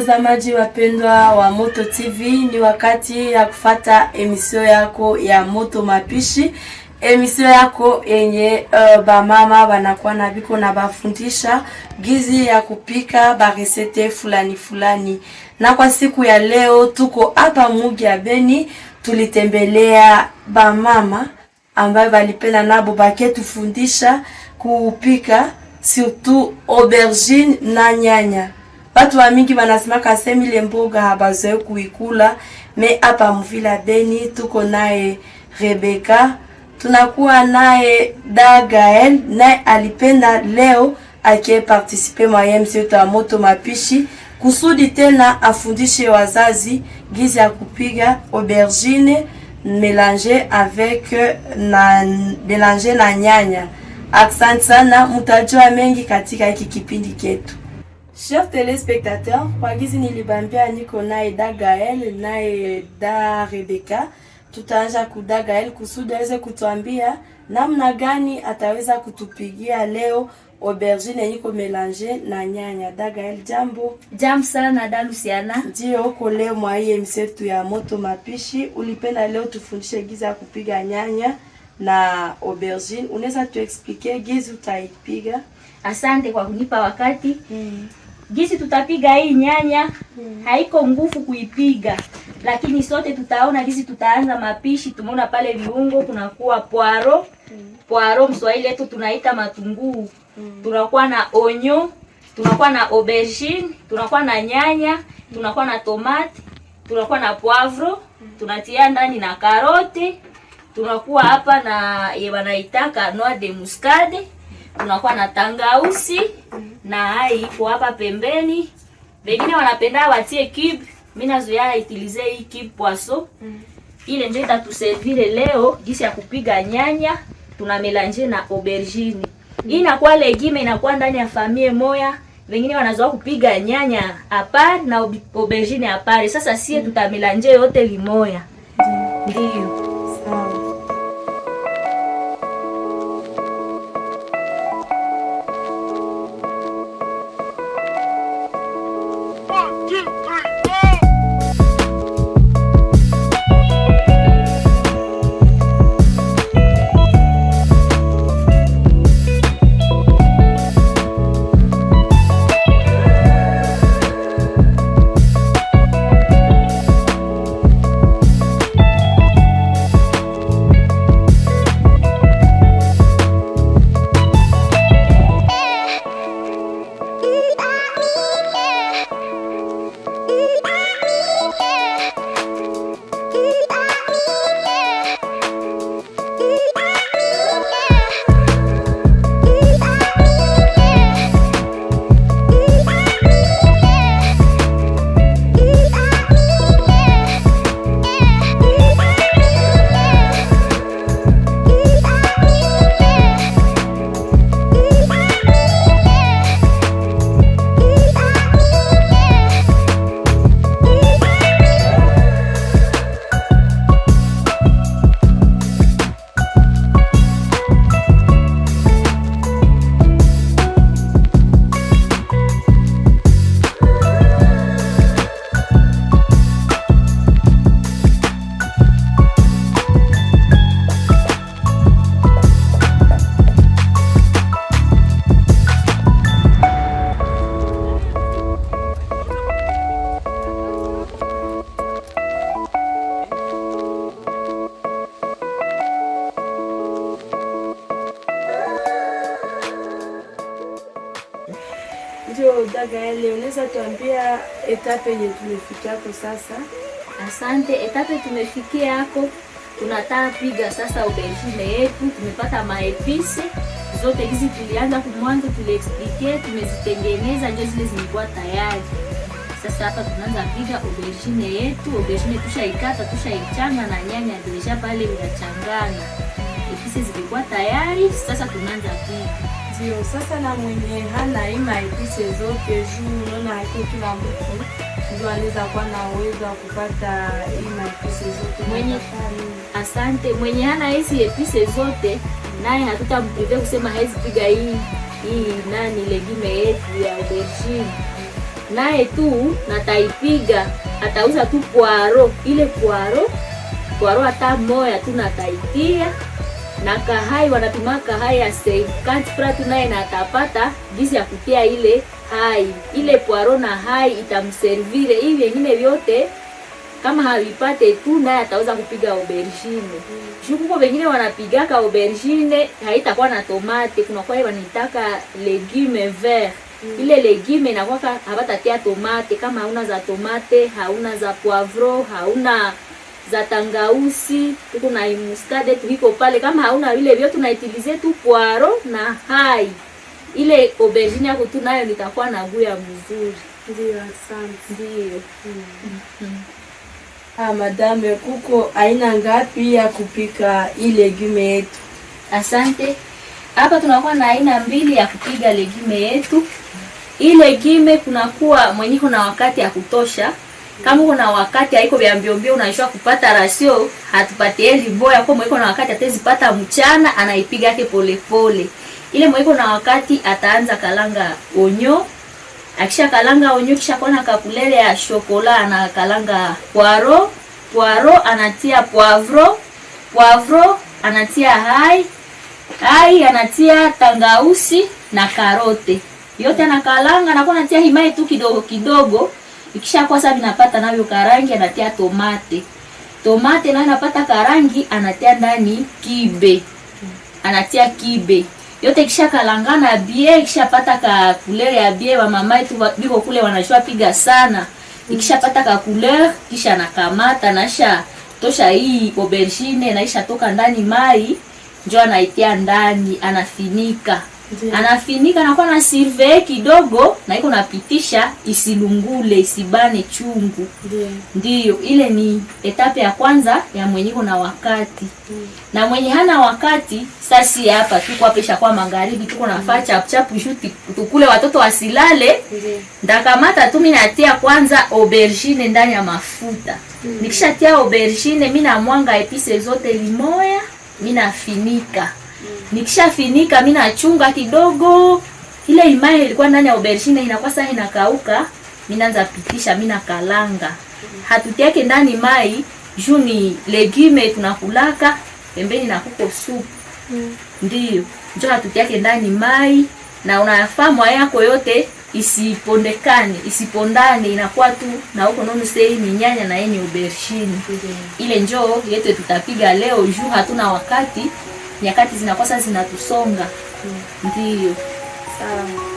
Watazamaji wapendwa wa Moto TV, ni wakati ya kufata emisio yako ya Moto Mapishi, emisio yako yenye uh, eh, bamama banakuwa na viko na bafundisha gizi ya kupika baresete fulani fulani. Na kwa siku ya leo tuko hapa mugi ya Beni, tulitembelea bamama ambayo balipenda nabo baketufundisha kupika surtout aubergine na nyanya Watu wa mingi banasemaka sema ile mboga habazoe kuikula, me hapa mvila Beni tuko naye Rebeka, tunakuwa naye Dagael, naye alipenda leo akie participe mwayemzi wetu wa moto mapishi kusudi tena afundishe wazazi gizi ya kupiga aubergine melange avec na melange na nyanya. Asante sana, mutajua mengi katika hiki kipindi chetu. Chers téléspectateurs, kwa gizi nilibambia niko naye da Gael naye da Rebecca. Tutaanza kuda Gael kusudi aweze kutuambia namna gani ataweza kutupigia leo aubergine yenye iko melange na nyanya. Da Gael, jambo. Jambo sana da Luciana. Ndio uko leo mwa hii msetu ya moto mapishi, ulipenda leo tufundishe gizi ya kupiga nyanya na aubergine. Unaweza tuexpliquer gizi utaipiga? Asante kwa kunipa wakati. Mm. Gisi tutapiga hii nyanya hmm, haiko nguvu kuipiga, lakini sote tutaona gisi tutaanza mapishi. Tumeona pale viungo kunakuwa poaro hmm, poaro mswahili yetu tunaita matunguu hmm, tunakuwa na onyo, tunakuwa na aubergine, tunakuwa na nyanya hmm, tunakuwa na tomate, tunakuwa na poivro hmm, tunatia ndani na karoti, tunakuwa hapa na wanaitaka noix de muscade unakuwa na tangausi na ai iko hapa pembeni. Wengine wanapenda watie kib, mimi nazoea itilize hii kib poisson. Ile ndio itatuservire leo jinsi ya kupiga nyanya, tuna na aubergine. Hii inakuwa legime, inakuwa ndani ya famie moya. Wengine wanazoea kupiga nyanya hapa na aubergine hapa. Sasa sie tutamelange yote limoya. Ndio. etape yenye tumefikia hapo sasa. Asante, etape tumefikia hapo, tunataka piga sasa aubergine yetu. Tumepata maepisi zote hizi, tulianza kumwanza tuliexplike, tumezitengeneza ndio zile zilikuwa tayari. Sasa hapa tunaanza piga aubergine yetu. Aubergine tushaikata, tushaichanga na nyanya dilisha pale, inachangana zilikuwa tayari. Sasa tunaanza piga sio sasa, na mwenye hana ima ipise zote juu unaona hake kila mtu ndio anaweza kuwa na uwezo wa kupata ima ipise zote mwenye. Asante, mwenye hana hizi ipise zote naye hatutamprivia kusema haizi piga hii hii nani legime yetu ya aubergine, naye tu nataipiga atauza tu kwaro ile kwaro kwaro hata moya tu nataitia na kahai wanapimaka hai ya sekantifratu naye na atapata gizi ya kupia ile hai ile poaro na hai itamservire. Hivi vingine vyote kama havipate tu, naye ataweza kupiga aubergine juu kuko vengine wanapigaka aubergine haitakuwa na tomate, kunakuwa wanaitaka legume vert Mm. Ile legume inakwaka habatatia tomate. Kama hauna za tomate, hauna za poivro, hauna za tangausi tuko na imuskade viko pale. Kama hauna vile vyote tunaitilize tu poaro na hai ile aubergine yako tu nayo nitakuwa na guya mzuri. Ndio, asante. Ndio. Mm-hmm. Ah, madame, kuko aina ngapi ya kupika hii legume yetu? Asante. Hapa tunakuwa na aina mbili ya kupiga legume yetu. Ile legume kunakuwa mwenyewe na wakati ya kutosha kama kuna wakati haiko vya mbio mbio, unaishwa kupata rasio, hatupatie libo yako mwiko na wakati atezipata mchana, anaipiga yake pole pole. Ile mwiko na wakati ataanza kalanga onyo. Akisha kalanga onyo, kisha kona kapulele ya shokola, ana kalanga poaro, poaro anatia poavro, poavro anatia hai, hai anatia tangausi na karote. Yote anakalanga na anatia himaye tu kidogo kidogo Ikishakuwa sasa vinapata navyo karangi, anatia tomate. Tomate nayo inapata karangi, anatia ndani kibe. Anatia kibe. Yote kisha kalangana bie, ikishapata ka couleur ya bie wa mama yetu biko kule wanashua piga sana. Ikishapata ka couleur kisha nakamata nasha tosha hii aubergine naisha toka ndani mai, njo anaitia ndani, anafinika anafinika anakuwa na sive kidogo, na iko napitisha isilungule, isibane chungu. Ndiyo, ile ni etape ya kwanza ya mwenye iko na wakati Deo. Na mwenye hana wakati sasi hapa tuko apesha kwa magharibi, tuko nafaa chapchapu juu tukule watoto wasilale. Ndakamata tu mimi natia kwanza aubergine ndani ya mafuta Deo. Nikishatia aubergine mimi na mwanga epice zote limoya, mimi nafinika Nikishafinika mimi nachunga kidogo, ile imani ilikuwa ndani ya aubergine inakuwa sasa inakauka, mimi naanza pitisha, mimi nakalanga. Hatutiake ndani mai juu ni legume tunakulaka pembeni na kuko supu. Mm. Ndiyo. Njo hatutiake ndani mai na unayafaa mwa yako yote isipondekane, isipondane inakuwa tu na huko nono sei ni nyanya na yenye aubergine. Mm. Ile njoo yetu tutapiga leo juu hatuna wakati nyakati zinakosa zinatusonga, ndiyo sawa.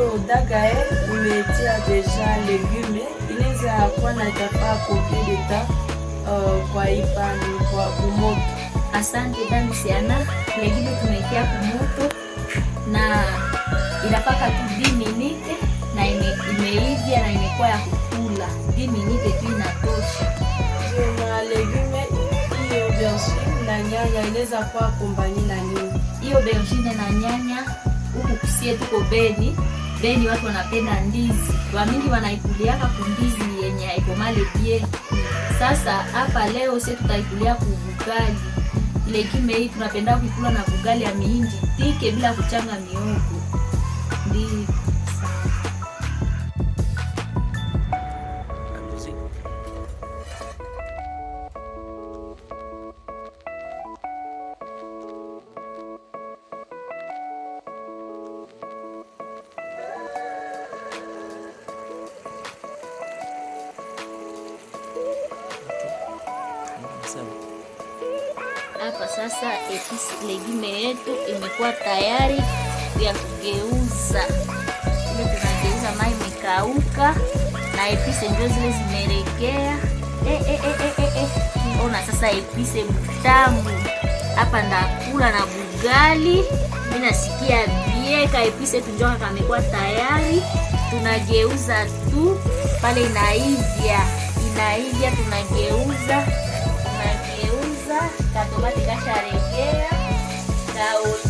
ambayo udagae umetia deja legume inaweza kuwa na tafaa kokeleta uh, kwa ipani kwa kumoto. Asante damisiana legume tumetia kumoto na inapaka tu diminite na imeivya na imekuwa ya kukula diminite tu inatosha na legume hiyo bergine na nyanya inaweza kuwa kombani na nini hiyo bergine na nyanya huku kusie tuko Beni Beni watu wanapenda ndizi, wamingi wanaikuliaka kundizi yenye haikomale bien. Sasa hapa leo sie tutaikulia kubugali ile kime hii tunapenda kuikula na bugali ya miindi pike bila kuchanga miogo. Ndiyo. tayari ya kugeuza. Ile tunageuza mai imekauka na epise ndio zile zimeregea. Eh, eh, eh, eh, eh. Ona sasa epise mtamu. Hapa ndakula na bugali. Mimi nasikia bieka epise tunjoka kamekuwa tayari. Tunageuza tu pale inaivya. Inaivya tunageuza. Tunageuza katomati kasharegea. kaoni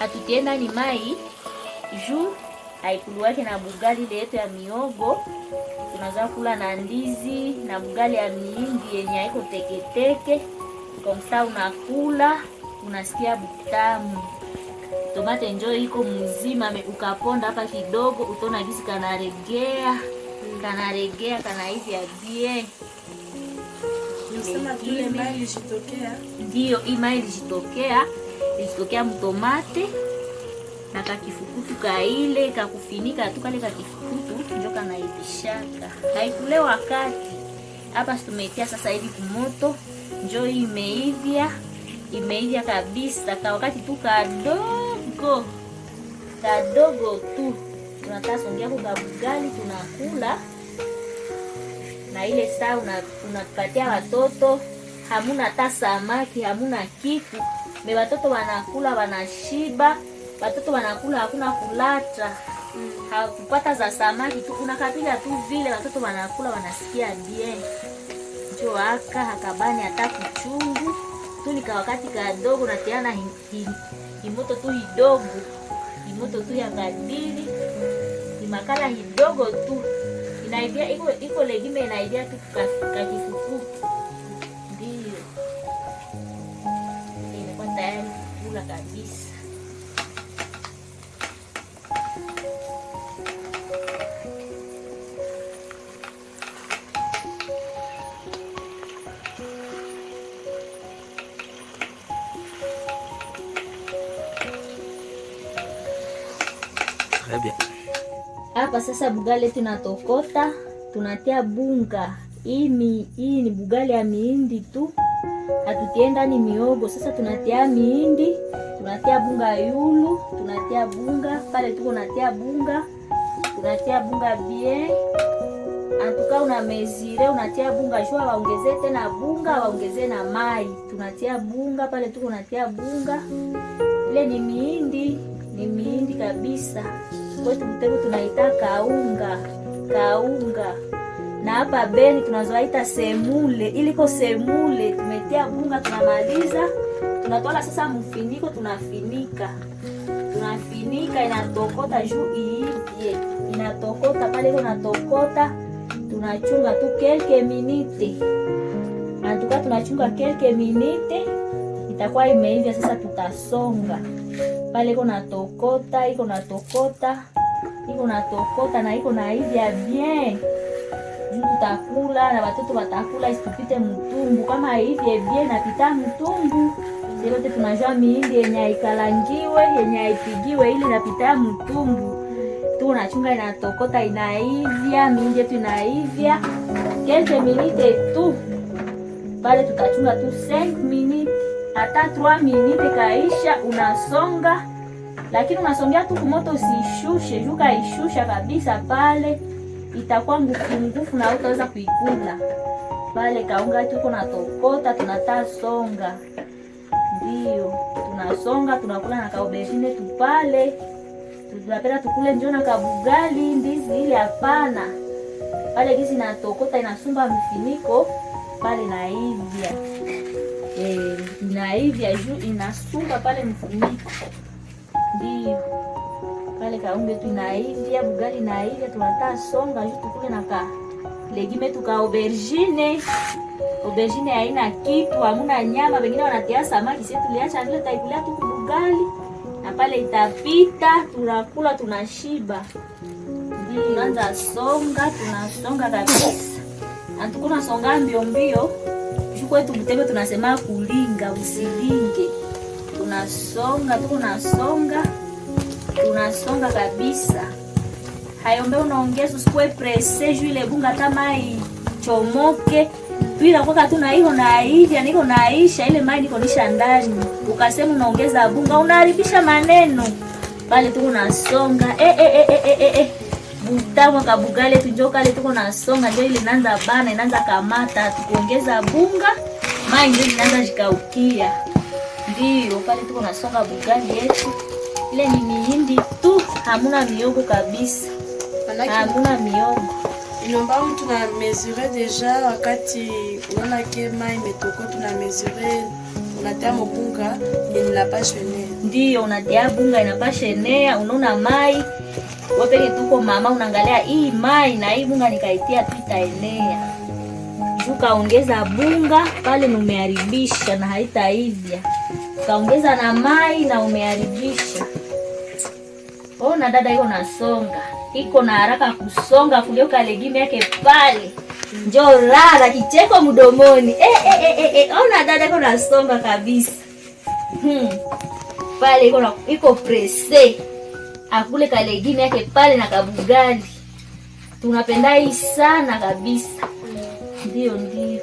atutienda ni mai juu haikuluwake na bugali ile yetu ya miogo, tunaza kula na ndizi na bugali ya miingi yenye haiko teketeke. Komsa unakula unasikia butamu. Tomate njo iko mzima, ukaponda hapa kidogo, utona gisi kanaregea kanaregea ya bie ndio imaili jitokea ilitokea mtomate na kakifukutu kaile kakufinika tu, kale kakifukutu ndio kanaivishaka, haikule wakati hapa tumetia sasa hivi kumoto, njo imeivya, imeivya kabisa, ka wakati tu kadogo kadogo tu tunakasongia kukabugali tunakula na ile saa unapatia watoto, hamuna ta samaki, hamuna kitu me watoto wanakula wanashiba, watoto wanakula, hakuna kulata hakupata za samaki tu, kabila tu vile watoto wanakula wanasikia bien jo aka hakabani hata kuchungu tu, nika wakati kadogo natiana imoto tu hidogo imoto tu ya kadiri imakala hidogo tu inaidia iko iko legime inaidia tu kakifukuku Hapa sasa bugale tunatokota, tunatia bunga. Hii ni hii ni bugale ya mihindi tu, hatutienda ni miogo. Sasa tunatia mihindi, tunatia bunga yulu, tunatia bunga pale, tuko natia bunga, tunatia bunga bie antuka una mezire unatia bunga shua, waongeze tena bunga, waongeze na mai. Tunatia bunga pale, tuko natia bunga ile. Ni mihindi, ni mihindi kabisa kwetu Mtegu tunaita kaunga kaunga, na hapa Beni tunazoaita semule. Iliko semule tumetia bunga, tunamaliza tunatola sasa mfiniko, tunafinika tunafinika, inatokota juu iivye, inatokota pale, inatokota tunachunga tu kelke minite natuka, tunachunga kelke minite itakuwa imeivya. Sasa tutasonga pale, iko natokota iko natokota iko natokota na iko naivya bien juu tutakula na watoto watakula, isitupite mtumbu. Kama aivye bien napita mtumbu selote, tunajua miindi yenye aikalangiwe yenye aipigiwe ili napita mtumbu tu nachunga inatokota inaivya miindi yetu inaivya kete minite tu pale, tutachunga tu 5 minute hata 3 minute kaisha, unasonga lakini unasongea tu kumoto, usishushe juka, ishusha kabisa pale itakuwa ngufu ngufu, na utaweza kuikula pale. Kaunga tuko tokota, tunataa songa, ndio tunasonga, tunakula na kaobejine tu pale. Tunapenda tukule njoo na kabugali, ndizi ile hapana. Pale gizi tokota inasumba mfiniko pale, naivya e, naivya juu inasumba pale mfiniko Ndiyo. Kale kaunge tunaivya, bugali naivya, tunata songa juu tukule na ka legime tuka aubergine. Aubergine haina kitu, hamuna nyama, wengine wanatia samaki, sisi tuliacha vile taikulia bugali. Na pale itapita, tunakula tunashiba. tunaanza songa, tunasonga kabisa. Antukuna songa mbio mbio. Juu kwetu tunasema kulinga usilinge tunasonga, tu, tunasonga tunasonga kabisa. Hayo ndio unaongeza, usikuwe presse juu ile bunga kama ichomoke bila kwa tu na hiyo na hivi niko naisha ile maji niko nisha ndani, ukasema unaongeza bunga, unaharibisha maneno pale. Tuko nasonga eh eh eh eh eh, eh, eh. butawa kabugale tunjoka ile tuko nasonga, ndio ile inaanza bana, inaanza kamata, tukuongeza bunga mai ndio inaanza jikaukia. Ndio pale tuko nasonga Bugandi yetu, ile ni mihindi tu, hamuna miogo kabisa, hamuna miogo. Inomba tuna mesure deja, wakati unaona kema imetoko, tuna mesure unatia mobunga inapasha enea, ndio unatia bunga inapasha enea, unaona mai wepeke tuko mama, unaangalia hii mai na hii bunga nikaitia tu enea ukaongeza bunga pale na na haitaivya, ukaongeza na mai na umeharibisha. Ona oh, dada iko nasonga, iko na haraka kusonga kulioka legime yake pale, njo lala kicheko mdomoni. E, eh, e, eh, e, eh, e, ona oh, dada iko nasonga kabisa. Hmm. Pale iko iko presse akule kalegime yake pale na kabugali, tunapenda hii sana kabisa hiyo ndio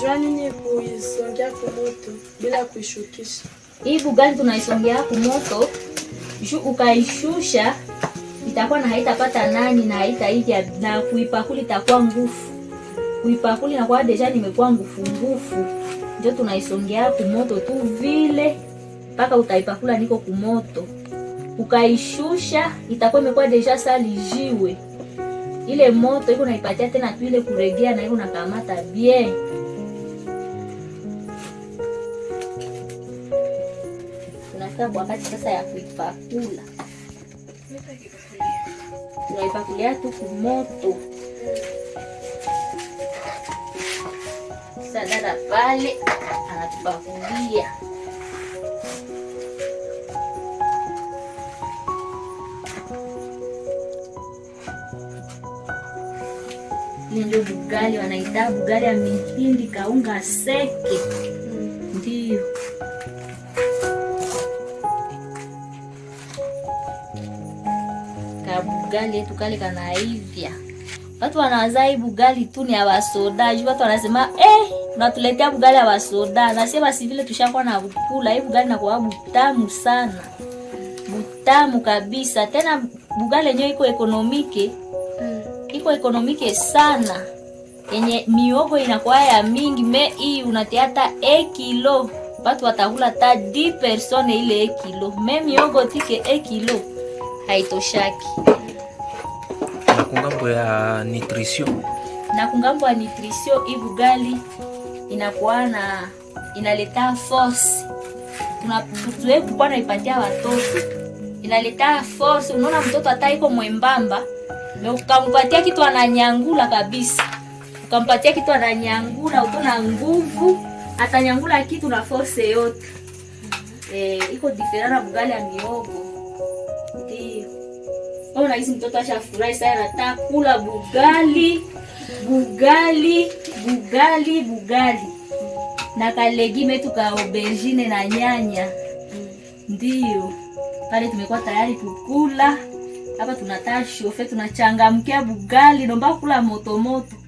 Jwanini kuisongea kumoto bila kuishukisha. Hii bugani tunaisongea kumoto juu ukaishusha itakuwa na haitapata nani na haitaija na kuipakuli itakuwa ngufu. Kuipakuli nakuwa deja nimekuwa ngufu ngufu ndio tunaisongea kumoto tu vile mpaka utaipakula niko kumoto, ukaishusha itakuwa imekuwa deja salijiwe ile moto iko naipatia tena tu ile kuregea na iko nakamata bien tunafika wakati sasa ya kuipakula, tunaipakulia tu kumoto. kabisa, dada pale anatubakulia ndio bugali wanaita bugali ya mihindi kaunga seke, mm. ndio kabugali yetu kale kanaivya. Watu wanawazai bugali tu ni awasodaji, watu wanasema eh unatuletea bugali wa soda, nasema basi, vile tushakuwa na kula hii bugali, na kwa mtamu sana, mtamu kabisa. Tena bugali yenyewe iko ekonomike, mm. iko ekonomike sana, yenye miogo inakuwa ya mingi. Me hii unatia hata ekilo, watu watakula ta 10 persone ile ekilo. Me miogo tike ekilo haitoshaki na kungambo ya nutrition, na kungambo ya nutrition ibugali inakuwa na inaleta force tunakuwa naipatia watoto, inaleta force. Unaona mtoto hata iko mwembamba, ukampatia kitu ananyangula kabisa, ukampatia kitu ananyangula, uko na nguvu, atanyangula kitu na force yote. Eh, iko different na bugali ya miogo. Ndio hizi mtoto ashafurahi sana, anataka kula bugali bugali bugali bugali na kalegime ka aubergine na nyanya, ndio pale tumekuwa tayari kukula. Hapa tunataa shofe tunachangamkia bugali, nomba kula moto moto.